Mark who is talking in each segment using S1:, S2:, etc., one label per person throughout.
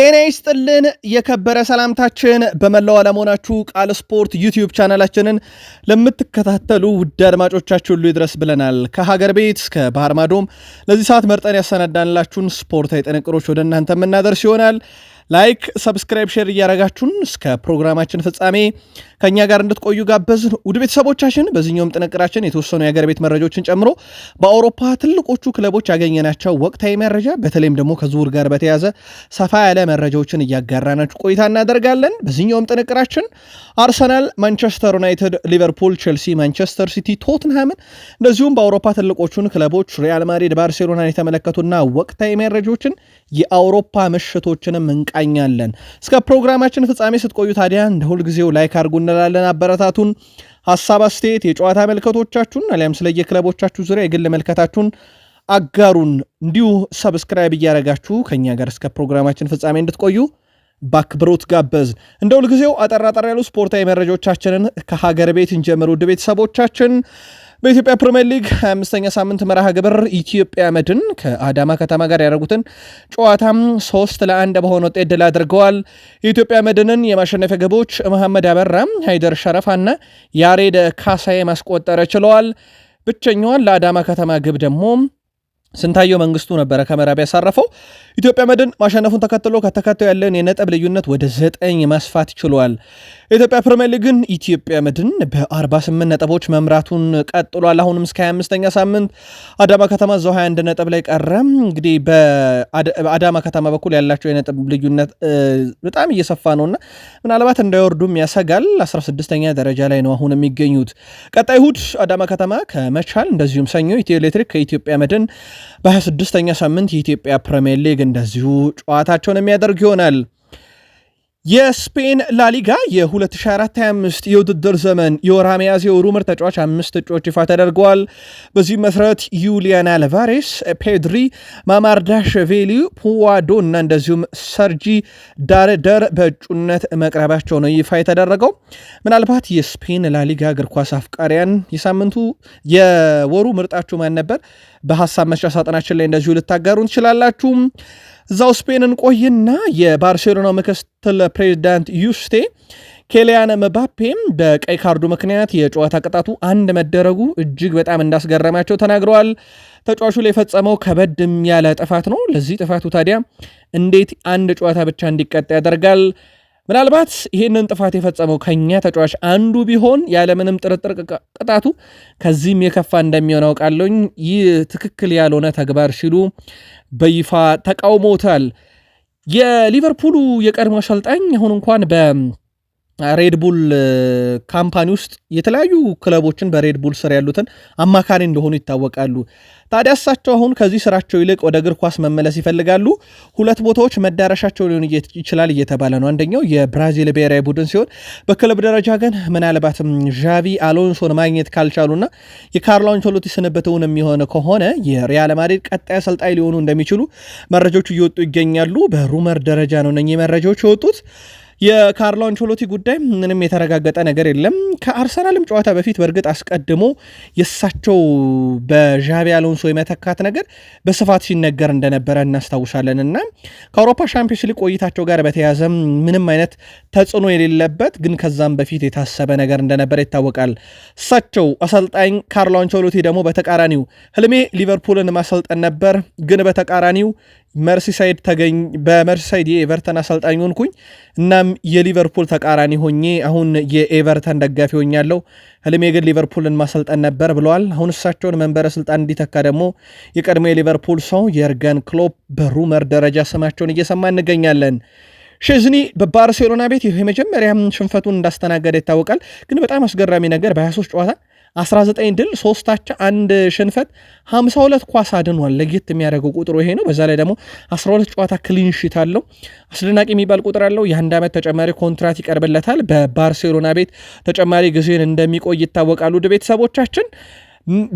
S1: ጤና ይስጥልን የከበረ ሰላምታችን በመላው አለመሆናችሁ ቃል ስፖርት ዩቲዩብ ቻናላችንን ለምትከታተሉ ውድ አድማጮቻችሁ ሁሉ ይድረስ ብለናል። ከሀገር ቤት እስከ ባህር ማዶም ለዚህ ሰዓት መርጠን ያሰናዳንላችሁን ስፖርታዊ ጥንቅሮች ወደ እናንተ የምናደርስ ይሆናል። ላይክ፣ ሰብስክራይብ፣ ሼር እያረጋችሁን እስከ ፕሮግራማችን ፍጻሜ ከእኛ ጋር እንድትቆዩ ጋበዝን። ውድ ቤተሰቦቻችን በዚህኛውም ጥንቅራችን የተወሰኑ የአገር ቤት መረጃዎችን ጨምሮ በአውሮፓ ትልቆቹ ክለቦች ያገኘናቸው ወቅታዊ መረጃ በተለይም ደግሞ ከዝውውር ጋር በተያዘ ሰፋ ያለ መረጃዎችን እያጋራናችሁ ቆይታ እናደርጋለን። በዚህኛውም ጥንቅራችን አርሰናል፣ ማንቸስተር ዩናይትድ፣ ሊቨርፑል፣ ቼልሲ፣ ማንቸስተር ሲቲ፣ ቶትንሃምን እንደዚሁም በአውሮፓ ትልቆቹን ክለቦች ሪያል ማድሪድ፣ ባርሴሎናን የተመለከቱና ወቅታዊ መረጃዎችን የአውሮፓ ምሽቶችንም እንቃኛለን። እስከ ፕሮግራማችን ፍጻሜ ስትቆዩ ታዲያ እንደ ሁልጊዜው ላይክ አድርጉን እንላለን። አበረታቱን። ሀሳብ አስተያየት፣ የጨዋታ መልከቶቻችሁን አሊያም ስለ የክለቦቻችሁ ዙሪያ የግል መልከታችሁን አጋሩን። እንዲሁ ሰብስክራይብ እያደረጋችሁ ከእኛ ጋር እስከ ፕሮግራማችን ፍጻሜ እንድትቆዩ በአክብሮት ጋበዝ። እንደ ሁልጊዜው አጠራጠር ያሉ ስፖርታዊ መረጃዎቻችንን ከሀገር ቤት እንጀምር። ውድ ቤተሰቦቻችን በኢትዮጵያ ፕሪምየር ሊግ አምስተኛ ሳምንት መርሃ ግብር ኢትዮጵያ መድን ከአዳማ ከተማ ጋር ያደረጉትን ጨዋታም ሶስት ለአንድ በሆነ ውጤት ድል አድርገዋል። የኢትዮጵያ መድንን የማሸነፊያ ግቦች መሐመድ አበራ፣ ሃይደር ሸረፋና ያሬድ ካሳዬ ማስቆጠረ ችለዋል። ብቸኛዋን ለአዳማ ከተማ ግብ ደግሞ ስንታየው መንግስቱ ነበረ ከመረብ ያሳረፈው። ኢትዮጵያ መድን ማሸነፉን ተከትሎ ከተከታዩ ያለን የነጥብ ልዩነት ወደ ዘጠኝ መስፋት ችሏል። የኢትዮጵያ ፕሪሚየር ሊግን ኢትዮጵያ መድን በ48 ነጥቦች መምራቱን ቀጥሏል። አሁንም እስከ 25ኛ ሳምንት አዳማ ከተማ እዛው 21 ነጥብ ላይ ቀረ። እንግዲህ በአዳማ ከተማ በኩል ያላቸው የነጥብ ልዩነት በጣም እየሰፋ ነውና ምናልባት እንዳይወርዱም ያሰጋል። 16ኛ ደረጃ ላይ ነው አሁን የሚገኙት። ቀጣይ እሁድ አዳማ ከተማ ከመቻል እንደዚሁም ሰኞ ኢትዮ ኤሌክትሪክ ከኢትዮጵያ መድን በ26ኛ ሳምንት የኢትዮጵያ ፕሪምየር ሊግ እንደዚሁ ጨዋታቸውን የሚያደርግ ይሆናል። የስፔን ላሊጋ የ2024/25 የውድድር ዘመን የወርሃ ሚያዝያ ሩምር ተጫዋች አምስት እጩዎች ይፋ ተደርገዋል። በዚህም መሰረት ዩሊያን አልቫሬስ፣ ፔድሪ፣ ማማርዳሽቬሊ፣ ፑዋዶ እና እንደዚሁም ሰርጂ ዳርደር በእጩነት መቅረባቸው ነው ይፋ የተደረገው። ምናልባት የስፔን ላሊጋ እግር ኳስ አፍቃሪያን የሳምንቱ የወሩ ምርጣችሁ ማን ነበር? በሀሳብ መስጫ ሳጥናችን ላይ እንደዚሁ ልታጋሩ ትችላላችሁ። እዛው ስፔንን ቆይና የባርሴሎና ምክትል ፕሬዚዳንት ዩስቴ ኬሊያን መባፔም በቀይ ካርዱ ምክንያት የጨዋታ ቅጣቱ አንድ መደረጉ እጅግ በጣም እንዳስገረማቸው ተናግረዋል። ተጫዋቹ ላይ የፈጸመው ከበድም ያለ ጥፋት ነው። ለዚህ ጥፋቱ ታዲያ እንዴት አንድ ጨዋታ ብቻ እንዲቀጣ ያደርጋል? ምናልባት ይህንን ጥፋት የፈጸመው ከኛ ተጫዋች አንዱ ቢሆን ያለምንም ጥርጥር ቅጣቱ ከዚህም የከፋ እንደሚሆን አውቃለሁኝ። ይህ ትክክል ያልሆነ ተግባር ሲሉ በይፋ ተቃውሞታል። የሊቨርፑሉ የቀድሞ አሰልጣኝ አሁን እንኳን በ ሬድቡል ካምፓኒ ውስጥ የተለያዩ ክለቦችን በሬድቡል ስር ያሉትን አማካሪ እንደሆኑ ይታወቃሉ። ታዲያ እሳቸው አሁን ከዚህ ስራቸው ይልቅ ወደ እግር ኳስ መመለስ ይፈልጋሉ። ሁለት ቦታዎች መዳረሻቸው ሊሆን ይችላል እየተባለ ነው። አንደኛው የብራዚል ብሔራዊ ቡድን ሲሆን በክለብ ደረጃ ግን ምናልባትም ዣቪ አሎንሶን ማግኘት ካልቻሉና የካርሎ አንቸሎቲ ስንብትውን የሚሆን ከሆነ የሪያል ማድሪድ ቀጣይ አሰልጣኝ ሊሆኑ እንደሚችሉ መረጃዎቹ እየወጡ ይገኛሉ። በሩመር ደረጃ ነው እነኚህ መረጃዎች የወጡት። የካርሎ አንቾሎቲ ጉዳይ ምንም የተረጋገጠ ነገር የለም። ከአርሰናልም ጨዋታ በፊት በእርግጥ አስቀድሞ የእሳቸው በዣቢ አሎንሶ የመተካት ነገር በስፋት ሲነገር እንደነበረ እናስታውሳለን እና ከአውሮፓ ሻምፒዮንስ ሊግ ቆይታቸው ጋር በተያያዘ ምንም አይነት ተጽዕኖ የሌለበት ግን ከዛም በፊት የታሰበ ነገር እንደነበረ ይታወቃል። እሳቸው አሰልጣኝ ካርሎ አንቾሎቲ ደግሞ በተቃራኒው ህልሜ ሊቨርፑልን ማሰልጠን ነበር፣ ግን በተቃራኒው መርሲሳይድ ተገኝ በመርሲሳይድ የኤቨርተን አሰልጣኝ ሆንኩኝ። እናም የሊቨርፑል ተቃራኒ ሆኜ አሁን የኤቨርተን ደጋፊ ሆኛለሁ። ህልሜ ግን ሊቨርፑልን ማሰልጠን ነበር ብለዋል። አሁን እሳቸውን መንበረ ስልጣን እንዲተካ ደግሞ የቀድሞ የሊቨርፑል ሰው የርገን ክሎፕ በሩመር ደረጃ ስማቸውን እየሰማ እንገኛለን። ሽዝኒ በባርሴሎና ቤት የመጀመሪያ ሽንፈቱን እንዳስተናገደ ይታወቃል። ግን በጣም አስገራሚ ነገር በ23 ጨዋታ 19 ድል ሶስታቻ አንድ ሽንፈት 52 ኳስ አድኗል። ለየት የሚያደርገው ቁጥሩ ይሄ ነው። በዛ ላይ ደግሞ 12 ጨዋታ ክሊንሺት አለው። አስደናቂ የሚባል ቁጥር አለው። የአንድ ዓመት ተጨማሪ ኮንትራት ይቀርብለታል። በባርሴሎና ቤት ተጨማሪ ጊዜን እንደሚቆይ ይታወቃሉ። ውድ ቤተሰቦቻችን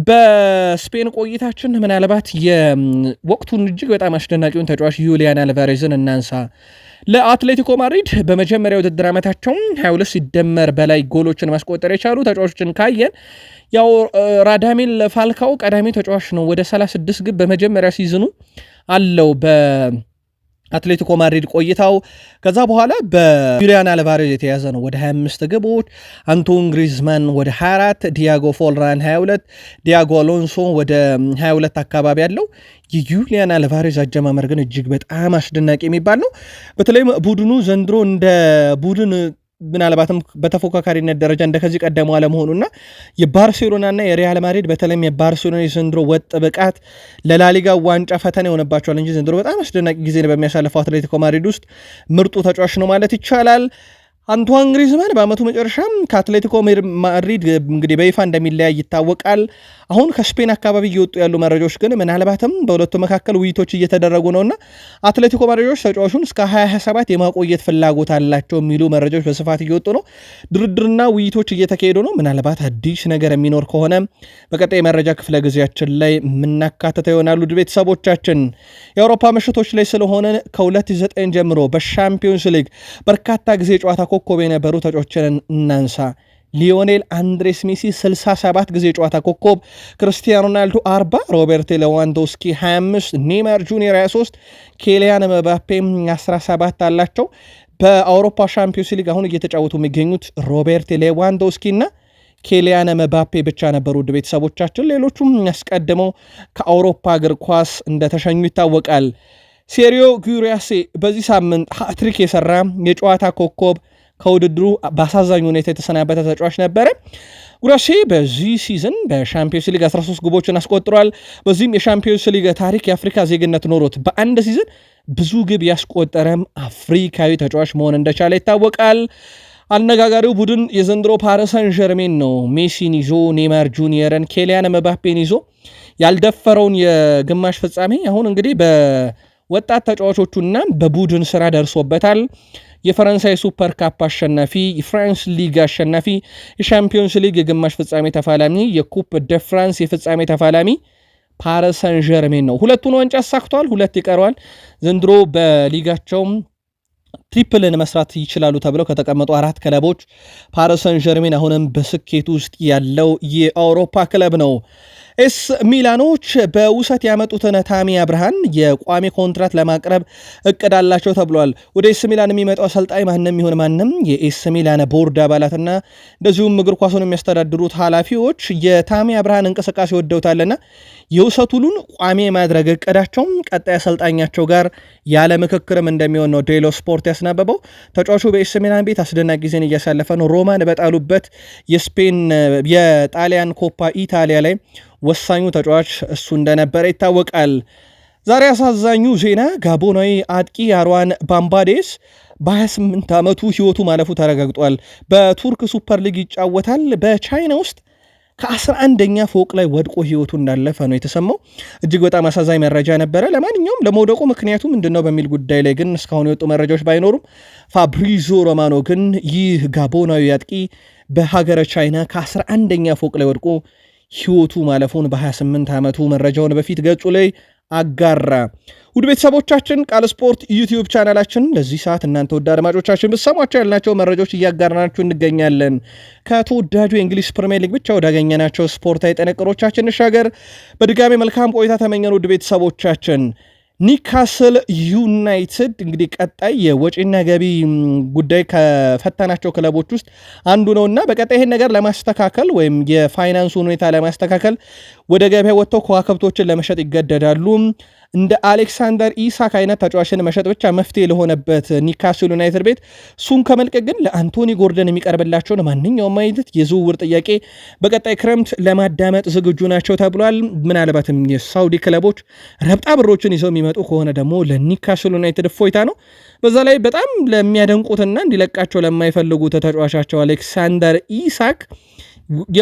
S1: በስፔን ቆይታችን ምናልባት የወቅቱን እጅግ በጣም አስደናቂውን ተጫዋች ዩሊያን አልቫሬዝን እናንሳ። ለአትሌቲኮ ማድሪድ በመጀመሪያ ውድድር ዓመታቸው 22 ሲደመር በላይ ጎሎችን ማስቆጠር የቻሉ ተጫዋቾችን ካየን ያው ራዳሜል ፋልካው ቀዳሚ ተጫዋች ነው። ወደ 36 ግብ በመጀመሪያ ሲዝኑ አለው በ አትሌቲኮ ማድሪድ ቆይታው ከዛ በኋላ በዩሊያን አልቫሬዝ የተያዘ ነው። ወደ 25 ግቦች አንቶን ግሪዝማን ወደ 24፣ ዲያጎ ፎልራን 22፣ ዲያጎ አሎንሶ ወደ 22 አካባቢ ያለው የዩሊያን አልቫሬዝ አጀማመር ግን እጅግ በጣም አስደናቂ የሚባል ነው። በተለይም ቡድኑ ዘንድሮ እንደ ቡድን ምናልባትም በተፎካካሪነት ደረጃ እንደከዚህ ቀደሙ አለመሆኑና የባርሴሎናና የሪያል ማድሪድ በተለይም የባርሴሎና የዘንድሮ ወጥ ብቃት ለላሊጋ ዋንጫ ፈተና የሆነባቸዋል እንጂ ዘንድሮ በጣም አስደናቂ ጊዜ በሚያሳልፈው አትሌቲኮ ማድሪድ ውስጥ ምርጡ ተጫዋች ነው ማለት ይቻላል። አንቷን ግሪዝማን በአመቱ መጨረሻም ከአትሌቲኮ ማድሪድ እንግዲህ በይፋ እንደሚለያይ ይታወቃል። አሁን ከስፔን አካባቢ እየወጡ ያሉ መረጃዎች ግን ምናልባትም በሁለቱ መካከል ውይይቶች እየተደረጉ ነውና አትሌቲኮ ማድሪዶች ተጫዋቹን እስከ 2027 የማቆየት ፍላጎት አላቸው የሚሉ መረጃዎች በስፋት እየወጡ ነው። ድርድርና ውይይቶች እየተካሄዱ ነው። ምናልባት አዲስ ነገር የሚኖር ከሆነ በቀጣይ መረጃ ክፍለ ጊዜያችን ላይ የምናካተተ ይሆናሉ። ውድ ቤተሰቦቻችን የአውሮፓ ምሽቶች ላይ ስለሆነ ከ29 ጀምሮ በሻምፒዮንስ ሊግ በርካታ ጊዜ ጨዋታ ኮከብ የነበሩ ተጫዋቾችን እናንሳ። ሊዮኔል አንድሬስ ሜሲ 67 ጊዜ ጨዋታ ኮከብ፣ ክርስቲያኖ ሮናልዶ 40፣ ሮቤርት ሌዋንዶስኪ 25፣ ኔማር ጁኒየር 23፣ ኬሊያን መባፔ 17 አላቸው። በአውሮፓ ሻምፒዮንስ ሊግ አሁን እየተጫወቱ የሚገኙት ሮቤርት ሌዋንዶስኪ እና ኬሊያን መባፔ ብቻ ነበሩ። ውድ ቤተሰቦቻችን ሌሎቹም ያስቀድመው ከአውሮፓ እግር ኳስ እንደተሸኙ ይታወቃል። ሴሪዮ ጊሪያሴ በዚህ ሳምንት ሀትሪክ የሰራ የጨዋታ ኮከብ ከውድድሩ በአሳዛኝ ሁኔታ የተሰናበተ ተጫዋች ነበረ። ጉራሴ በዚህ ሲዝን በሻምፒዮንስ ሊግ 13 ግቦችን አስቆጥሯል። በዚህም የሻምፒዮንስ ሊግ ታሪክ የአፍሪካ ዜግነት ኖሮት በአንድ ሲዝን ብዙ ግብ ያስቆጠረም አፍሪካዊ ተጫዋች መሆን እንደቻለ ይታወቃል። አነጋጋሪው ቡድን የዘንድሮ ፓሪሰን ጀርሜን ነው። ሜሲን ይዞ ኔማር ጁኒየርን፣ ኬሊያን መባፔን ይዞ ያልደፈረውን የግማሽ ፍጻሜ አሁን እንግዲህ በወጣት ተጫዋቾቹና በቡድን ስራ ደርሶበታል። የፈረንሳይ ሱፐር ካፕ አሸናፊ፣ የፍራንስ ሊግ አሸናፊ፣ የሻምፒዮንስ ሊግ የግማሽ ፍጻሜ ተፋላሚ፣ የኩፕ ደ ፍራንስ የፍጻሜ ተፋላሚ ፓሪስ ሰን ዠርሜን ነው። ሁለቱን ዋንጫ አሳክቷል። ሁለት ይቀረዋል። ዘንድሮ በሊጋቸውም ትሪፕልን መስራት ይችላሉ ተብለው ከተቀመጡ አራት ክለቦች ፓሪስ ሰን ዠርሜን አሁንም በስኬት ውስጥ ያለው የአውሮፓ ክለብ ነው። ኤስ ሚላኖች በውሰት ያመጡትን ታሚ አብርሃን የቋሚ ኮንትራት ለማቅረብ እቅድ አላቸው ተብሏል። ወደ ኤስ ሚላን የሚመጣው አሰልጣኝ ማንም ይሁን ማንም የኤስ ሚላን ቦርድ አባላትና እንደዚሁም እግር ኳሱን የሚያስተዳድሩት ኃላፊዎች የታሚ አብርሃን እንቅስቃሴ ወደውታልና የውሰት ውሉን ቋሚ የማድረግ እቅዳቸውም ቀጣይ አሰልጣኛቸው ጋር ያለ ምክክርም እንደሚሆን ነው ዴሎ ስፖርት ያስናበበው። ተጫዋቹ በኤስ ሚላን ቤት አስደናቂ ጊዜን እያሳለፈ ነው። ሮማን በጣሉበት የስፔን የጣሊያን ኮፓ ኢታሊያ ላይ ወሳኙ ተጫዋች እሱ እንደነበረ ይታወቃል። ዛሬ አሳዛኙ ዜና ጋቦናዊ አጥቂ አርዋን ባምባዴስ በ28 ዓመቱ ሕይወቱ ማለፉ ተረጋግጧል። በቱርክ ሱፐር ሊግ ይጫወታል። በቻይና ውስጥ ከ11ኛ ፎቅ ላይ ወድቆ ሕይወቱ እንዳለፈ ነው የተሰማው። እጅግ በጣም አሳዛኝ መረጃ ነበረ። ለማንኛውም ለመውደቁ ምክንያቱ ምንድን ነው በሚል ጉዳይ ላይ ግን እስካሁን የወጡ መረጃዎች ባይኖሩም ፋብሪዞ ሮማኖ ግን ይህ ጋቦናዊ አጥቂ በሀገረ ቻይና ከ11ኛ ፎቅ ላይ ወድቆ ሕይወቱ ማለፉን በ28 ዓመቱ መረጃውን በፊት ገጹ ላይ አጋራ። ውድ ቤተሰቦቻችን ቃል ስፖርት ዩቲዩብ ቻናላችን ለዚህ ሰዓት እናንተ ውድ አድማጮቻችን ብሰሟቸው ያልናቸው መረጃዎች እያጋራናችሁ እንገኛለን። ከተወዳጁ የእንግሊዝ ፕሪሚየር ሊግ ብቻ ወዳገኘናቸው ስፖርታዊ ጥንቅሮቻችን እንሻገር። በድጋሚ መልካም ቆይታ ተመኘን ውድ ቤተሰቦቻችን። ኒካስል ዩናይትድ እንግዲህ ቀጣይ የወጪና ገቢ ጉዳይ ከፈተናቸው ክለቦች ውስጥ አንዱ ነው እና በቀጣይ ይህን ነገር ለማስተካከል ወይም የፋይናንሱን ሁኔታ ለማስተካከል ወደ ገበያ ወጥተው ከዋክብቶችን ለመሸጥ ይገደዳሉ። እንደ አሌክሳንደር ኢሳክ አይነት ተጫዋችን መሸጥ ብቻ መፍትሄ ለሆነበት ኒካስል ዩናይትድ ቤት እሱን ከመልቀቅ ግን ለአንቶኒ ጎርደን የሚቀርብላቸውን ማንኛውም አይነት የዝውውር ጥያቄ በቀጣይ ክረምት ለማዳመጥ ዝግጁ ናቸው ተብሏል። ምናልባትም የሳውዲ ክለቦች ረብጣ ብሮችን ይዘው የሚመጡ ከሆነ ደግሞ ለኒካስል ዩናይትድ እፎይታ ነው። በዛ ላይ በጣም ለሚያደንቁትና እንዲለቃቸው ለማይፈልጉት ተጫዋቻቸው አሌክሳንደር ኢሳክ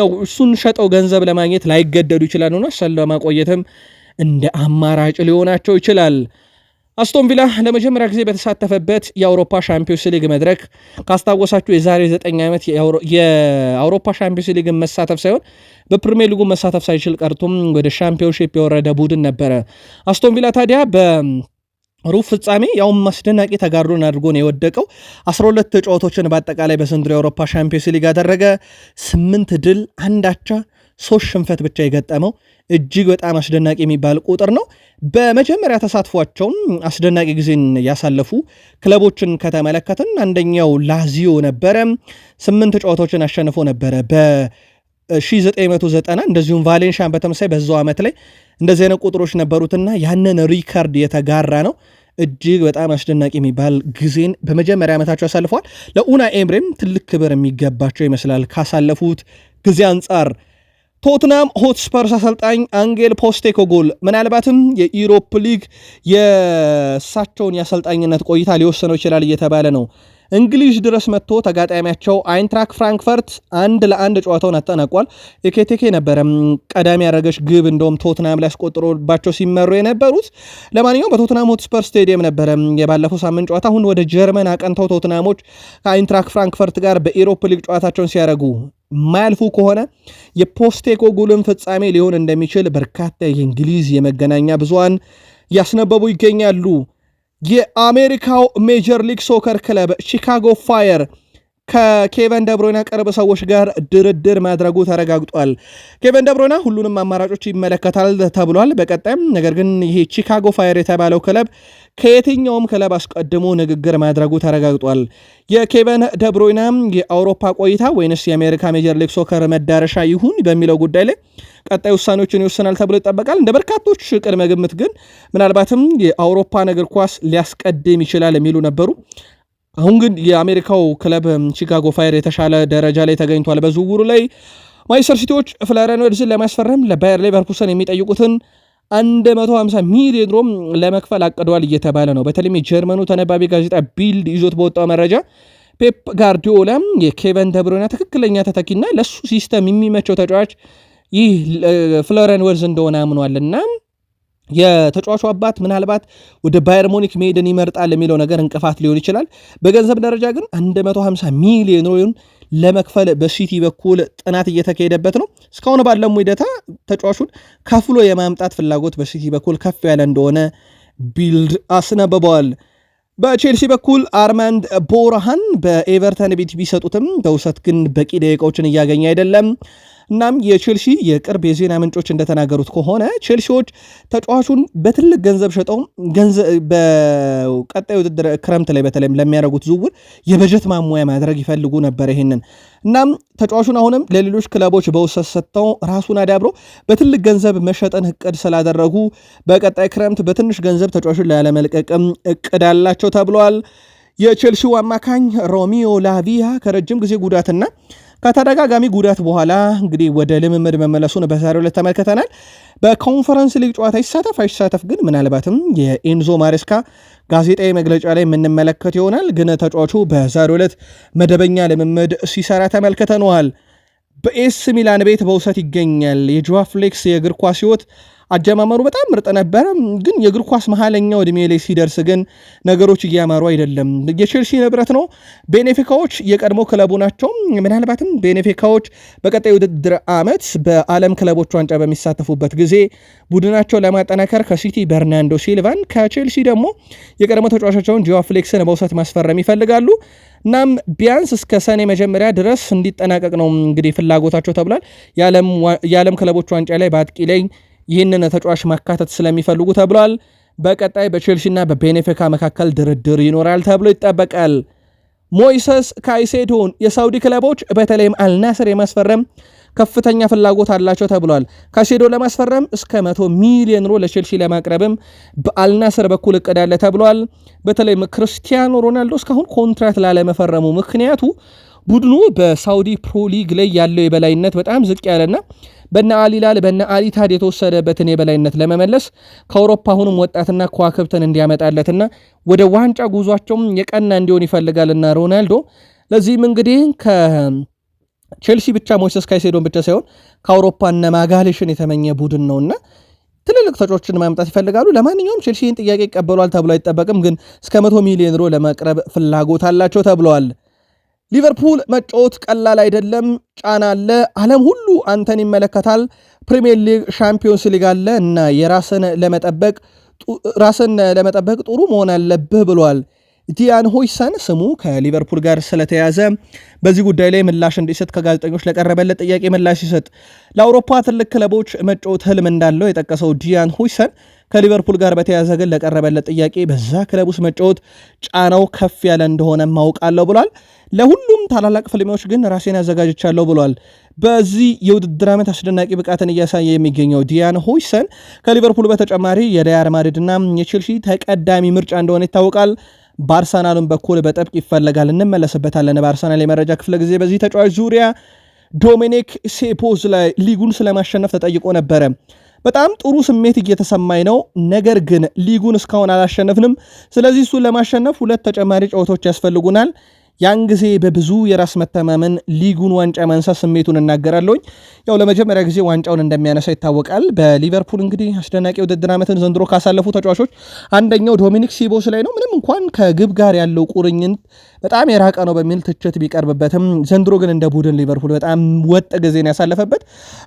S1: ያው እሱን ሸጠው ገንዘብ ለማግኘት ላይገደዱ ይችላሉና እሱን ለማቆየትም እንደ አማራጭ ሊሆናቸው ይችላል። አስቶን ቪላ ለመጀመሪያ ጊዜ በተሳተፈበት የአውሮፓ ሻምፒዮንስ ሊግ መድረክ ካስታወሳችሁ የዛሬ 9 ዓመት የአውሮፓ ሻምፒዮንስ ሊግን መሳተፍ ሳይሆን በፕሪሚየር ሊጉ መሳተፍ ሳይችል ቀርቶም ወደ ሻምፒዮንሺፕ የወረደ ቡድን ነበረ። አስቶን ቪላ ታዲያ በሩብ ፍጻሜ ያውም አስደናቂ ተጋድሎን አድርጎ ነው የወደቀው። 12 ተጫዋቶችን በአጠቃላይ በዘንድሮ የአውሮፓ ሻምፒዮንስ ሊግ አደረገ። 8 ድል፣ አንዳቻ ሶስት ሽንፈት ብቻ የገጠመው እጅግ በጣም አስደናቂ የሚባል ቁጥር ነው። በመጀመሪያ ተሳትፏቸውን አስደናቂ ጊዜን ያሳለፉ ክለቦችን ከተመለከትን አንደኛው ላዚዮ ነበረ። ስምንት ጨዋታዎችን አሸንፎ ነበረ በ1990 እንደዚሁም ቫሌንሻን በተመሳይ በዛው ዓመት ላይ እንደዚህ አይነት ቁጥሮች ነበሩትና ያንን ሪካርድ የተጋራ ነው። እጅግ በጣም አስደናቂ የሚባል ጊዜን በመጀመሪያ ዓመታቸው ያሳልፈዋል። ለኡና ኤምሬም ትልቅ ክብር የሚገባቸው ይመስላል ካሳለፉት ጊዜ አንጻር ቶትናም ሆትስፐርስ አሰልጣኝ አንጌል ፖስቴኮግሉ ምናልባትም የኢሮፕ ሊግ የእሳቸውን የአሰልጣኝነት ቆይታ ሊወሰነው ይችላል እየተባለ ነው። እንግሊዝ ድረስ መጥቶ ተጋጣሚያቸው አይንትራክ ፍራንክፈርት አንድ ለአንድ ጨዋታውን አጠናቋል። ኤኬቴኬ ነበረ ቀዳሚ ያደረገች ግብ እንደውም ቶትናም ሊያስቆጥሮባቸው ሲመሩ የነበሩት። ለማንኛውም በቶትናም ሆትስፐር ስቴዲየም ነበረ የባለፈው ሳምንት ጨዋታ። አሁን ወደ ጀርመን አቀንተው ቶትናሞች ከአይንትራክ ፍራንክፈርት ጋር በኢሮፕ ሊግ ጨዋታቸውን ሲያደርጉ የማያልፉ ከሆነ ጉልን ፍጻሜ ሊሆን እንደሚችል በርካታ የእንግሊዝ የመገናኛ ብዙሃን ያስነበቡ ይገኛሉ። የአሜሪካው ሜጀር ሊግ ሶከር ክለብ ቺካጎ ፋየር ከኬቨን ደብሮይና ቅርብ ሰዎች ጋር ድርድር ማድረጉ ተረጋግጧል። ኬቨን ደብሮይና ሁሉንም አማራጮች ይመለከታል ተብሏል በቀጣይም ነገር ግን ይሄ ቺካጎ ፋየር የተባለው ክለብ ከየትኛውም ክለብ አስቀድሞ ንግግር ማድረጉ ተረጋግጧል። የኬቨን ደብሮይና የአውሮፓ ቆይታ ወይንስ የአሜሪካ ሜጀር ሊግ ሶከር መዳረሻ ይሁን በሚለው ጉዳይ ላይ ቀጣይ ውሳኔዎችን ይወስናል ተብሎ ይጠበቃል። እንደ በርካቶች ቅድመ ግምት ግን ምናልባትም የአውሮፓን እግር ኳስ ሊያስቀድም ይችላል የሚሉ ነበሩ። አሁን ግን የአሜሪካው ክለብ ቺካጎ ፋየር የተሻለ ደረጃ ላይ ተገኝቷል። በዝውውሩ ላይ ማንቸስተር ሲቲዎች ፍላሪያን ወድዝን ለማስፈረም ለባየር ሌቨርኩሰን የሚጠይቁትን 150 ሚሊዮን ዩሮ ለመክፈል አቅደዋል እየተባለ ነው። በተለይም የጀርመኑ ተነባቢ ጋዜጣ ቢልድ ይዞት በወጣው መረጃ ፔፕ ጋርዲዮላ የኬቨን ደብሮና ትክክለኛ ተተኪና ለሱ ሲስተም የሚመቸው ተጫዋች ይህ ፍሎረን ወርዝ እንደሆነ አምኗልና የተጫዋቹ አባት ምናልባት ወደ ባየር ሞኒክ መሄድን ይመርጣል የሚለው ነገር እንቅፋት ሊሆን ይችላል። በገንዘብ ደረጃ ግን 150 ሚሊዮን ዩሮን ለመክፈል በሲቲ በኩል ጥናት እየተካሄደበት ነው። እስካሁን ባለም ሂደታ ተጫዋቹን ከፍሎ የማምጣት ፍላጎት በሲቲ በኩል ከፍ ያለ እንደሆነ ቢልድ አስነብበዋል። በቼልሲ በኩል አርማንድ ቦርሃን በኤቨርተን ቤት ቢሰጡትም በውሰት ግን በቂ ደቂቃዎችን እያገኘ አይደለም። እናም የቼልሲ የቅርብ የዜና ምንጮች እንደተናገሩት ከሆነ ቼልሲዎች ተጫዋቹን በትልቅ ገንዘብ ሸጠው በቀጣይ ውድድር ክረምት ላይ በተለይም ለሚያደርጉት ዝውውር የበጀት ማሙያ ማድረግ ይፈልጉ ነበር ይህንን እናም ተጫዋቹን አሁንም ለሌሎች ክለቦች በውሰት ሰጥተው ራሱን አዳብሮ በትልቅ ገንዘብ መሸጥን እቅድ ስላደረጉ በቀጣይ ክረምት በትንሽ ገንዘብ ተጫዋቹን ላለመልቀቅም እቅድ አላቸው ተብለዋል። የቼልሲው አማካኝ ሮሚዮ ላቪያ ከረጅም ጊዜ ጉዳትና ከተደጋጋሚ ጉዳት በኋላ እንግዲህ ወደ ልምምድ መመለሱን በዛሬው ዕለት ተመልክተናል። በኮንፈረንስ ሊግ ጨዋታ ይሳተፍ አይሳተፍ ግን ምናልባትም የኤንዞ ማሬስካ ጋዜጣዊ መግለጫ ላይ የምንመለከት ይሆናል። ግን ተጫዋቹ በዛሬው ዕለት መደበኛ ልምምድ ሲሰራ ተመልክተነዋል። በኤስ ሚላን ቤት በውሰት ይገኛል። የጆዋ ፍሌክስ የእግር ኳስ ህይወት አጀማመሩ በጣም ምርጥ ነበረ። ግን የእግር ኳስ መሀለኛው እድሜ ላይ ሲደርስ ግን ነገሮች እያመሩ አይደለም። የቼልሲ ንብረት ነው። ቤኔፊካዎች የቀድሞ ክለቡ ናቸው። ምናልባትም ቤኔፊካዎች በቀጣይ ውድድር ዓመት በዓለም ክለቦች ዋንጫ በሚሳተፉበት ጊዜ ቡድናቸው ለማጠናከር ከሲቲ በርናንዶ ሲልቫን፣ ከቼልሲ ደግሞ የቀድሞ ተጫዋቻቸውን ጂዋ ፍሌክስን በውሰት ማስፈረም ይፈልጋሉ። እናም ቢያንስ እስከ ሰኔ መጀመሪያ ድረስ እንዲጠናቀቅ ነው እንግዲህ ፍላጎታቸው ተብሏል። የዓለም ክለቦች ዋንጫ ላይ በአጥቂ ላይ ይህንን ተጫዋች ማካተት ስለሚፈልጉ ተብሏል። በቀጣይ በቼልሲና በቤኔፊካ መካከል ድርድር ይኖራል ተብሎ ይጠበቃል። ሞይሰስ ካይሴዶን የሳውዲ ክለቦች በተለይም አልናስር የማስፈረም ከፍተኛ ፍላጎት አላቸው ተብሏል። ካይሴዶ ለማስፈረም እስከ 100 ሚሊዮን ሮ ለቼልሲ ለማቅረብም በአልናስር በኩል እቅድ አለ ተብሏል። በተለይም ክርስቲያኖ ሮናልዶ እስካሁን ኮንትራት ላለመፈረሙ ምክንያቱ ቡድኑ በሳውዲ ፕሮ ሊግ ላይ ያለው የበላይነት በጣም ዝቅ ያለና በነ አሊላል በነ አሊታድ የተወሰደበትን የበላይነት ለመመለስ ከአውሮፓ አሁንም ወጣትና ከዋክብትን እንዲያመጣለትና ወደ ዋንጫ ጉዟቸውም የቀና እንዲሆን ይፈልጋልና ሮናልዶ ለዚህም እንግዲህ ከቼልሲ ብቻ ሞይሰስ ካይሴዶን ብቻ ሳይሆን ከአውሮፓ እነ ማጋሌሽን የተመኘ ቡድን ነውና ትልልቅ ተጫዎችን ማምጣት ይፈልጋሉ። ለማንኛውም ቼልሲን ጥያቄ ይቀበሏል ተብሎ አይጠበቅም፣ ግን እስከ መቶ ሚሊዮን ሮ ለመቅረብ ፍላጎት አላቸው ተብለዋል። ሊቨርፑል መጫወት ቀላል አይደለም። ጫና አለ። ዓለም ሁሉ አንተን ይመለከታል። ፕሪምየር ሊግ፣ ሻምፒዮንስ ሊግ አለ እና የራስን ለመጠበቅ ራስን ለመጠበቅ ጥሩ መሆን አለብህ ብሏል። ዲያን ሆይሰን ስሙ ከሊቨርፑል ጋር ስለተያዘ በዚህ ጉዳይ ላይ ምላሽ እንዲሰጥ ከጋዜጠኞች ለቀረበለት ጥያቄ ምላሽ ሲሰጥ ለአውሮፓ ትልቅ ክለቦች መጫወት ህልም እንዳለው የጠቀሰው ዲያን ሆይሰን ከሊቨርፑል ጋር በተያዘ ግን ለቀረበለት ጥያቄ በዛ ክለብ ውስጥ መጫወት ጫናው ከፍ ያለ እንደሆነ ማውቃለሁ ብሏል። ለሁሉም ታላላቅ ፍልሚያዎች ግን ራሴን አዘጋጅቻለሁ ብሏል። በዚህ የውድድር ዓመት አስደናቂ ብቃትን እያሳየ የሚገኘው ዲያን ሆይሰን ከሊቨርፑል በተጨማሪ የሪያል ማድሪድና የቼልሲ ተቀዳሚ ምርጫ እንደሆነ ይታወቃል። በአርሰናልም በኩል በጥብቅ ይፈለጋል። እንመለስበታለን። በአርሰናል የመረጃ ክፍለ ጊዜ በዚህ ተጫዋች ዙሪያ ዶሚኒክ ሴፖዝ ላይ ሊጉን ስለማሸነፍ ተጠይቆ ነበረ። በጣም ጥሩ ስሜት እየተሰማኝ ነው፣ ነገር ግን ሊጉን እስካሁን አላሸነፍንም። ስለዚህ እሱን ለማሸነፍ ሁለት ተጨማሪ ጨዋታዎች ያስፈልጉናል። ያን ጊዜ በብዙ የራስ መተማመን ሊጉን ዋንጫ ማንሳት ስሜቱን እናገራለሁኝ። ያው ለመጀመሪያ ጊዜ ዋንጫውን እንደሚያነሳ ይታወቃል። በሊቨርፑል እንግዲህ አስደናቂ ውድድር ዓመትን ዘንድሮ ካሳለፉ ተጫዋቾች አንደኛው ዶሚኒክ ሲቦስ ላይ ነው። ምንም እንኳን ከግብ ጋር ያለው ቁርኝት በጣም የራቀ ነው በሚል ትችት ቢቀርብበትም ዘንድሮ ግን እንደ ቡድን ሊቨርፑል በጣም ወጥ ጊዜን ያሳለፈበት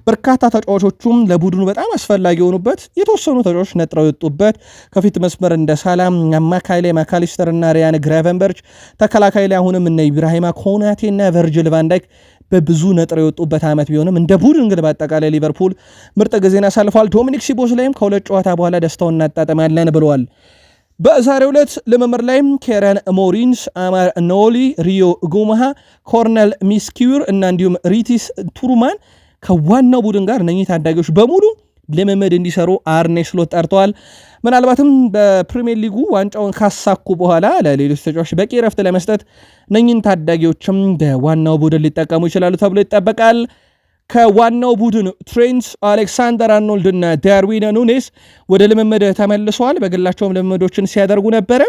S1: በርካታ ተጫዋቾቹም ለቡድኑ በጣም አስፈላጊ የሆኑበት የተወሰኑ ተጫዋቾች ነጥረው የወጡበት ከፊት መስመር እንደ ሳላም፣ አማካይ ላይ ማካሊስተር እና ሪያን ግራቨንበርች፣ ተከላካይ ላይ አሁንም እነ ኢብራሂማ ኮናቴ እና ቨርጅል ቫንዳይክ በብዙ ነጥር የወጡበት ዓመት ቢሆንም እንደ ቡድን ግን በአጠቃላይ ሊቨርፑል ምርጥ ጊዜን አሳልፏል። ዶሚኒክ ሲቦስ ላይም ከሁለት ጨዋታ በኋላ ደስታውን እናጣጠማለን ብለዋል። በዛሬው ዕለት ልምምድ ላይም ኬረን ሞሪንስ፣ አማር ኖሊ፣ ሪዮ ጉምሃ፣ ኮርነል ሚስኪዩር እና እንዲሁም ሪቲስ ቱሩማን ከዋናው ቡድን ጋር እነኚህ ታዳጊዎች በሙሉ ልምምድ እንዲሰሩ አርኔ ስሎት ጠርተዋል። ምናልባትም በፕሪሚየር ሊጉ ዋንጫውን ካሳኩ በኋላ ለሌሎች ተጫዋች በቂ ረፍት ለመስጠት እነኚህን ታዳጊዎችም በዋናው ቡድን ሊጠቀሙ ይችላሉ ተብሎ ይጠበቃል። ከዋናው ቡድን ትሬንት አሌክሳንደር አርኖልድና ዳርዊን ኑኔስ ወደ ልምምድ ተመልሰዋል። በግላቸውም ልምምዶችን ሲያደርጉ ነበረ።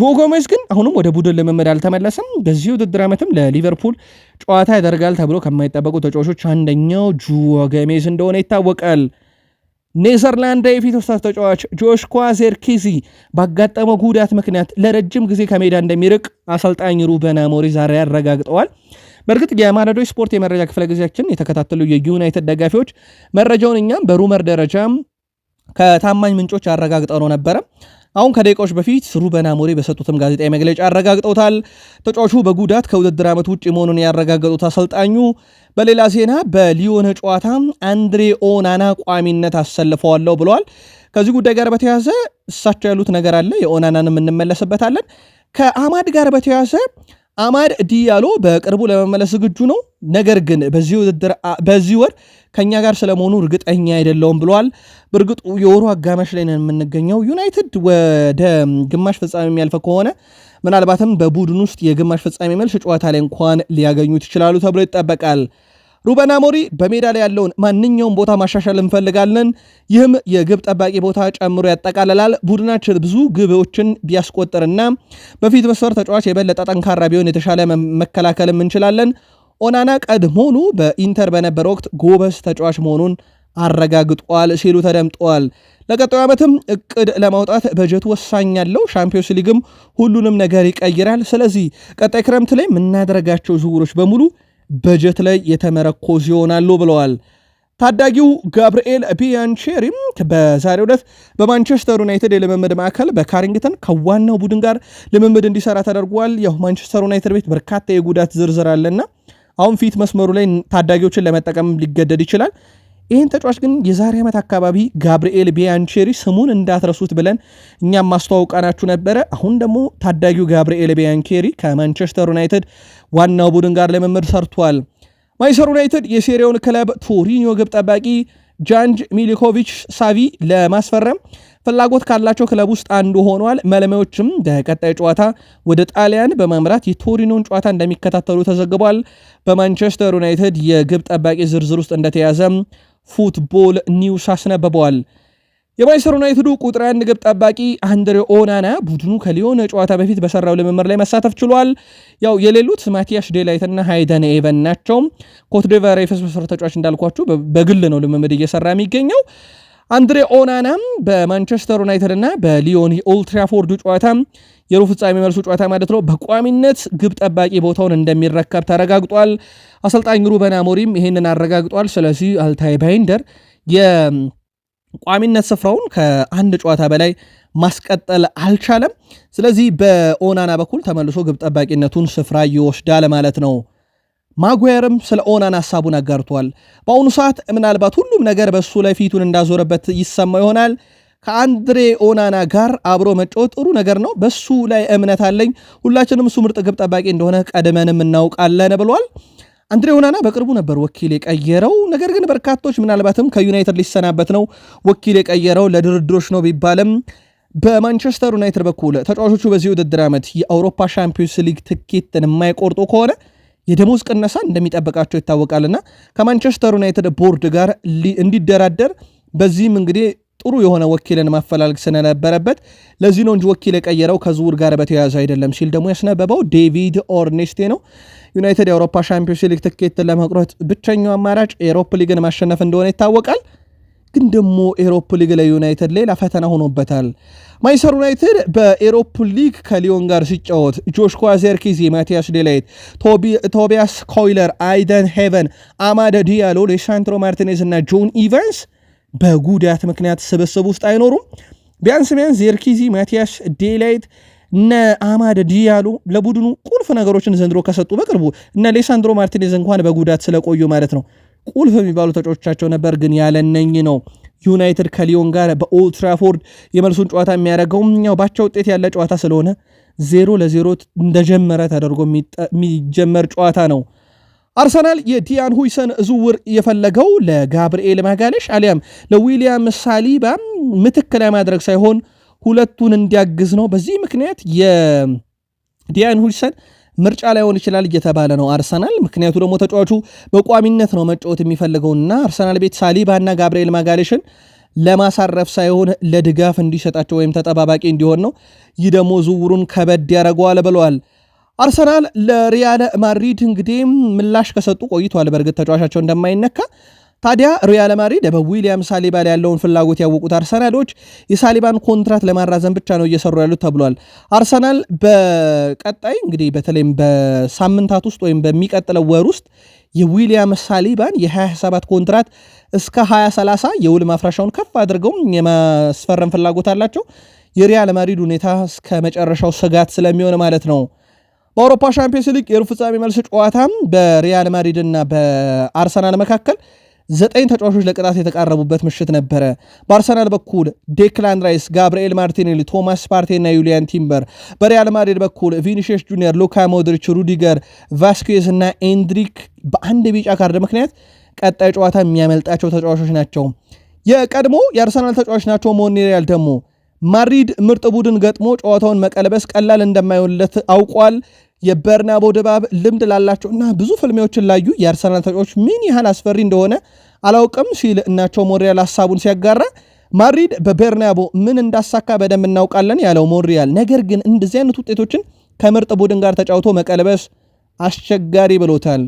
S1: ጆ ጎሜዝ ግን አሁንም ወደ ቡድን ልምምድ አልተመለሰም። በዚህ ውድድር ዓመትም ለሊቨርፑል ጨዋታ ያደርጋል ተብሎ ከማይጠበቁ ተጫዋቾች አንደኛው ጆ ጎሜዝ እንደሆነ ይታወቃል። ኔዘርላንዳዊ የፊት ወሳት ተጫዋች ጆሽኳ ዜርኪዚ ባጋጠመው ጉዳት ምክንያት ለረጅም ጊዜ ከሜዳ እንደሚርቅ አሰልጣኝ ሩበን አሞሪም ዛሬ አረጋግጠዋል። በእርግጥ የማለዳው ስፖርት የመረጃ ክፍለ ጊዜያችን የተከታተሉ የዩናይትድ ደጋፊዎች መረጃውን እኛም በሩመር ደረጃ ከታማኝ ምንጮች አረጋግጠው ነው ነበረ። አሁን ከደቂቃዎች በፊት ሩበን አሞሪም በሰጡትም ጋዜጣዊ መግለጫ አረጋግጠውታል። ተጫዋቹ በጉዳት ከውድድር ዓመት ውጭ መሆኑን ያረጋገጡት አሰልጣኙ በሌላ ዜና በሊዮን ጨዋታ አንድሬ ኦናና ቋሚነት አሰልፈዋለሁ ብለዋል። ከዚህ ጉዳይ ጋር በተያያዘ እሳቸው ያሉት ነገር አለ። የኦናናንም እንመለስበታለን። ከአማድ ጋር በተያያዘ አማድ ዲያሎ በቅርቡ ለመመለስ ዝግጁ ነው፣ ነገር ግን በዚህ ወር ከእኛ ጋር ስለመሆኑ እርግጠኛ አይደለውም ብለዋል። በእርግጡ የወሩ አጋማሽ ላይ ነው የምንገኘው። ዩናይትድ ወደ ግማሽ ፍጻሜ የሚያልፈ ከሆነ ምናልባትም በቡድን ውስጥ የግማሽ ፍጻሜ መልስ ጨዋታ ላይ እንኳን ሊያገኙት ይችላሉ ተብሎ ይጠበቃል። ሩበን አሞሪ በሜዳ ላይ ያለውን ማንኛውም ቦታ ማሻሻል እንፈልጋለን፣ ይህም የግብ ጠባቂ ቦታ ጨምሮ ያጠቃልላል። ቡድናችን ብዙ ግቦችን ቢያስቆጥርና በፊት መስመር ተጫዋች የበለጠ ጠንካራ ቢሆን የተሻለ መከላከልም እንችላለን። ኦናና ቀድሞኑ በኢንተር በነበረ ወቅት ጎበዝ ተጫዋች መሆኑን አረጋግጧል ሲሉ ተደምጠዋል። ለቀጣዩ ዓመትም እቅድ ለማውጣት በጀቱ ወሳኝ ያለው ሻምፒዮንስ ሊግም ሁሉንም ነገር ይቀይራል። ስለዚህ ቀጣይ ክረምት ላይ የምናደርጋቸው ዝውውሮች በሙሉ በጀት ላይ የተመረኮዙ ይሆናሉ ብለዋል። ታዳጊው ጋብርኤል ቢያንቼሪም በዛሬው ዕለት በማንቸስተር ዩናይትድ የልምምድ ማዕከል በካሪንግተን ከዋናው ቡድን ጋር ልምምድ እንዲሰራ ተደርጓል። ያው ማንቸስተር ዩናይትድ ቤት በርካታ የጉዳት ዝርዝር አለና አሁን ፊት መስመሩ ላይ ታዳጊዎችን ለመጠቀም ሊገደድ ይችላል። ይህን ተጫዋች ግን የዛሬ ዓመት አካባቢ ጋብርኤል ቢያንቼሪ ስሙን እንዳትረሱት ብለን እኛም ማስተዋውቃናችሁ ነበረ። አሁን ደግሞ ታዳጊው ጋብርኤል ቢያንቼሪ ከማንቸስተር ዩናይትድ ዋናው ቡድን ጋር ልምምድ ሰርቷል። ማንቸስተር ዩናይትድ የሴሪውን ክለብ ቶሪኒዮ ግብ ጠባቂ ጃንጅ ሚሊኮቪች ሳቪ ለማስፈረም ፍላጎት ካላቸው ክለብ ውስጥ አንዱ ሆኗል። መለማዮችም በቀጣይ ጨዋታ ወደ ጣሊያን በማምራት የቶሪኖን ጨዋታ እንደሚከታተሉ ተዘግቧል። በማንቸስተር ዩናይትድ የግብ ጠባቂ ዝርዝር ውስጥ እንደተያዘ ፉትቦል ኒውስ አስነብበዋል። የማንቸስተር ዩናይትዱ ቁጥር አንድ ግብ ጠባቂ አንድሬ ኦናና ቡድኑ ከሊዮን ጨዋታ በፊት በሰራው ልምምድ ላይ መሳተፍ ችሏል። ያው የሌሉት ማቲያሽ ዴላይትና ሃይደን ኤቨን ናቸው። ኮትዲቫር የፍስፍስር ተጫዋች እንዳልኳችሁ በግል ነው ልምምድ እየሰራ የሚገኘው። አንድሬ ኦናናም በማንቸስተር ዩናይትድ እና በሊዮን የኦልትራፎርዱ ጨዋታ የሩብ ፍጻሜ መልሱ ጨዋታ ማለት ነው በቋሚነት ግብ ጠባቂ ቦታውን እንደሚረከብ ተረጋግጧል። አሰልጣኝ ሩበን አሞሪም ይሄንን አረጋግጧል። ስለዚህ አልታይ ባይንደር ቋሚነት ስፍራውን ከአንድ ጨዋታ በላይ ማስቀጠል አልቻለም። ስለዚህ በኦናና በኩል ተመልሶ ግብ ጠባቂነቱን ስፍራ ይወስዳል ማለት ነው። ማጓየርም ስለ ኦናና ሀሳቡን አጋርቷል። በአሁኑ ሰዓት ምናልባት ሁሉም ነገር በእሱ ላይ ፊቱን እንዳዞረበት ይሰማ ይሆናል። ከአንድሬ ኦናና ጋር አብሮ መጫወት ጥሩ ነገር ነው። በሱ ላይ እምነት አለኝ። ሁላችንም እሱ ምርጥ ግብ ጠባቂ እንደሆነ ቀድመንም እናውቃለን ብሏል። አንድሬ ኦናና በቅርቡ ነበር ወኪል የቀየረው። ነገር ግን በርካቶች ምናልባትም ከዩናይትድ ሊሰናበት ነው ወኪል የቀየረው ለድርድሮች ነው ቢባልም በማንቸስተር ዩናይትድ በኩል ተጫዋቾቹ በዚህ ውድድር ዓመት የአውሮፓ ሻምፒዮንስ ሊግ ትኬትን የማይቆርጡ ከሆነ የደሞዝ ቅነሳ እንደሚጠበቃቸው ይታወቃልና ከማንቸስተር ዩናይትድ ቦርድ ጋር እንዲደራደር በዚህም እንግዲህ ጥሩ የሆነ ወኪልን ማፈላለግ ስለነበረበት ለዚህ ነው እንጂ ወኪል የቀየረው ከዝውውር ጋር በተያያዘ አይደለም ሲል ደግሞ ያስነበበው ዴቪድ ኦርኔስቴ ነው። ዩናይትድ የአውሮፓ ሻምፒዮንስ ሊግ ትኬትን ለመቁረጥ ብቸኛው አማራጭ ኤሮፕ ሊግን ማሸነፍ እንደሆነ ይታወቃል። ግን ደግሞ ኤሮፕ ሊግ ለዩናይትድ ሌላ ፈተና ሆኖበታል። ማንችስተር ዩናይትድ በኤሮፕ ሊግ ከሊዮን ጋር ሲጫወት ጆሽኳ ዜርኪዚ፣ ማቲያስ ዴላይት፣ ቶቢያስ ኮይለር፣ አይደን ሄቨን፣ አማደ ዲያሎ፣ ሌሳንድሮ ማርቲኔዝ እና ጆን ኢቫንስ በጉዳት ምክንያት ስብስብ ውስጥ አይኖሩም። ቢያንስ ቢያንስ ዜርኪዚ፣ ማቲያስ ዴላይት እነ አማድ ዲያሎ ለቡድኑ ቁልፍ ነገሮችን ዘንድሮ ከሰጡ በቅርቡ እነ ሌሳንድሮ ማርቲኔዝ እንኳን በጉዳት ስለቆዩ ማለት ነው ቁልፍ የሚባሉ ተጫዋቾቻቸው ነበር። ግን ያለነኝ ነው ዩናይትድ ከሊዮን ጋር በኦልትራፎርድ የመልሱን ጨዋታ የሚያደርገው ያው ባቻ ውጤት ያለ ጨዋታ ስለሆነ ዜሮ ለዜሮ እንደጀመረ ተደርጎ የሚጀመር ጨዋታ ነው። አርሰናል የዲያን ሁይሰን ዝውውር የፈለገው ለጋብርኤል ማጋለሽ አሊያም ለዊሊያም ሳሊባ ምትክ ለማድረግ ሳይሆን ሁለቱን እንዲያግዝ ነው። በዚህ ምክንያት የዲያን ሁይሰን ምርጫ ላይሆን ይችላል እየተባለ ነው አርሰናል። ምክንያቱ ደግሞ ተጫዋቹ በቋሚነት ነው መጫወት የሚፈልገውና አርሰናል ቤት ሳሊባና ጋብርኤል ማጋሌሽን ለማሳረፍ ሳይሆን ለድጋፍ እንዲሰጣቸው ወይም ተጠባባቂ እንዲሆን ነው። ይህ ደግሞ ዝውውሩን ከበድ ያደርገዋል ብለዋል አርሰናል ለሪያል ማድሪድ እንግዲህ ምላሽ ከሰጡ ቆይቷል። በእርግጥ ተጫዋቻቸው እንደማይነካ ታዲያ ሪያል ማድሪድ በዊሊያም ሳሊባ ላይ ያለውን ፍላጎት ያወቁት አርሰናሎች የሳሊባን ኮንትራት ለማራዘም ብቻ ነው እየሰሩ ያሉት ተብሏል። አርሰናል በቀጣይ እንግዲህ በተለይም በሳምንታት ውስጥ ወይም በሚቀጥለው ወር ውስጥ የዊሊያም ሳሊባን የ27 ኮንትራት እስከ 2030 የውል ማፍረሻውን ከፍ አድርገውም የማስፈረም ፍላጎት አላቸው። የሪያል ማድሪድ ሁኔታ እስከ መጨረሻው ስጋት ስለሚሆን ማለት ነው። በአውሮፓ ሻምፒየንስ ሊግ የሩብ ፍጻሜ መልስ ጨዋታም በሪያል ማድሪድ እና በአርሰናል መካከል ዘጠኝ ተጫዋቾች ለቅጣት የተቃረቡበት ምሽት ነበረ። በአርሰናል በኩል ዴክላን ራይስ፣ ጋብርኤል ማርቲኔሊ፣ ቶማስ ፓርቴ እና ዩሊያን ቲምበር፣ በሪያል ማድሪድ በኩል ቪኒሽስ ጁኒየር፣ ሉካ ሞድሪች፣ ሩዲገር ቫስኩዝ እና ኤንድሪክ በአንድ ቢጫ ካርድ ምክንያት ቀጣይ ጨዋታ የሚያመልጣቸው ተጫዋቾች ናቸው። የቀድሞ የአርሰናል ተጫዋች ናቸው ሞኔሪያል ደግሞ ማድሪድ ምርጥ ቡድን ገጥሞ ጨዋታውን መቀለበስ ቀላል እንደማይሆንለት አውቋል። የበርናቦ ድባብ ልምድ ላላቸውና ብዙ ፍልሚያዎችን ላዩ የአርሰናል ተጫዋቾች ምን ያህል አስፈሪ እንደሆነ አላውቅም ሲል እናቸው ሞንሪያል ሀሳቡን ሲያጋራ ማድሪድ በበርናቦ ምን እንዳሳካ በደንብ እናውቃለን ያለው ሞንሪያል፣ ነገር ግን እንደዚህ አይነት ውጤቶችን ከምርጥ ቡድን ጋር ተጫውቶ መቀለበስ አስቸጋሪ ብሎታል።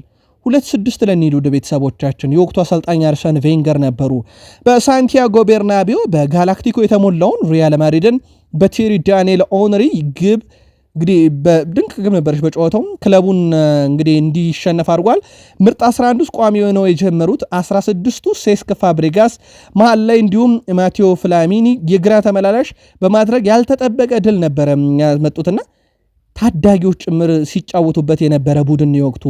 S1: ሁለት ስድስት ለኒድ ውድ ቤተሰቦቻችን የወቅቱ አሰልጣኝ አርሰን ቬንገር ነበሩ። በሳንቲያጎ ቤርናቢዮ በጋላክቲኮ የተሞላውን ሪያል ማድሪድን በቴሪ ዳንኤል ኦነሪ ግብ እንግዲህ በድንቅ ግብ ነበረች። በጨዋታውም ክለቡን እንግዲህ እንዲሸነፍ አድርጓል። ምርጥ 11 ውስጥ ቋሚ ሆነው የጀመሩት 16ቱ ሴስክ ፋብሪጋስ መሀል ላይ እንዲሁም ማቴዎ ፍላሚኒ የግራ ተመላላሽ በማድረግ ያልተጠበቀ ድል ነበረ ያመጡትና ታዳጊዎች ጭምር ሲጫወቱበት የነበረ ቡድን የወቅቱ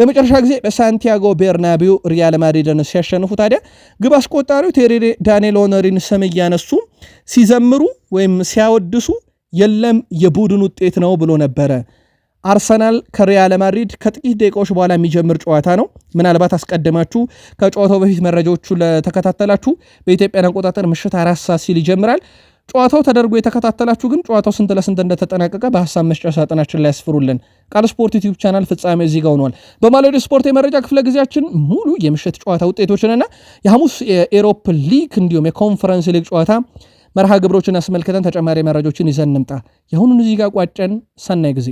S1: ለመጨረሻ ጊዜ በሳንቲያጎ ቤርናቢው ሪያል ማድሪድን ሲያሸንፉ ታዲያ ግብ አስቆጣሪው ቴሪ ዳንኤል ኦነሪን ስም እያነሱ ሲዘምሩ ወይም ሲያወድሱ የለም የቡድን ውጤት ነው ብሎ ነበረ። አርሰናል ከሪያል ማድሪድ ከጥቂት ደቂቃዎች በኋላ የሚጀምር ጨዋታ ነው። ምናልባት አስቀድማችሁ ከጨዋታው በፊት መረጃዎቹ ለተከታተላችሁ በኢትዮጵያን አቆጣጠር ምሽት አራት ሰዓት ሲል ይጀምራል። ጨዋታው ተደርጎ የተከታተላችሁ ግን ጨዋታው ስንት ለስንት እንደተጠናቀቀ በሀሳብ መስጫ ሳጥናችን ላይ ያስፍሩልን። ቃል ስፖርት ዩቲዩብ ቻናል ፍጻሜ እዚህ ጋር ሆኗል። በማለዶ ስፖርት የመረጃ ክፍለ ጊዜያችን ሙሉ የምሽት ጨዋታ ውጤቶችንና የሐሙስ የኤሮፕ ሊግ እንዲሁም የኮንፈረንስ ሊግ ጨዋታ መርሃ ግብሮችን አስመልክተን ተጨማሪ መረጃዎችን ይዘን እንምጣ። የአሁኑን እዚህ ጋር ቋጨን። ሰናይ ጊዜ